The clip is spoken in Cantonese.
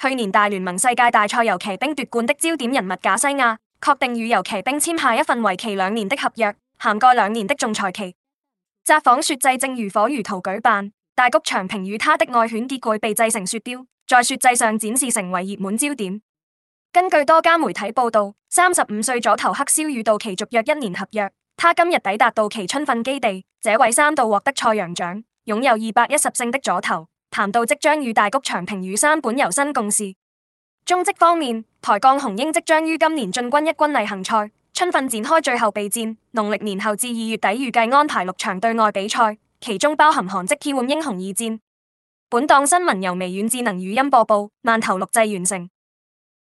去年大聯盟世界大賽遊騎兵奪冠的焦點人物賈西亞，確定與遊騎兵簽下一份為期兩年的合約，涵蓋兩年的仲裁期。札幌雪祭正如火如荼舉辦，大谷翔平與他的愛犬結巨被製成雪雕，在雪祭上展示成為熱門焦點。根據多家媒體報道，三十五歲左投克蕭與道奇續約一年合約，他今日抵達道奇春訓基地。這位三度獲得賽揚獎、擁有二百一十勝的左投。談到即將與大谷翔平、與山本由伸共事，中職方面，台鋼雄鷹即將於今年進軍一軍例行賽，春訓展開最後備戰，農曆年後至二月底預計安排六場對外比賽，其中包含韓職替換英雄二戰。本檔新聞由微軟智能語音播報，慢頭錄製完成。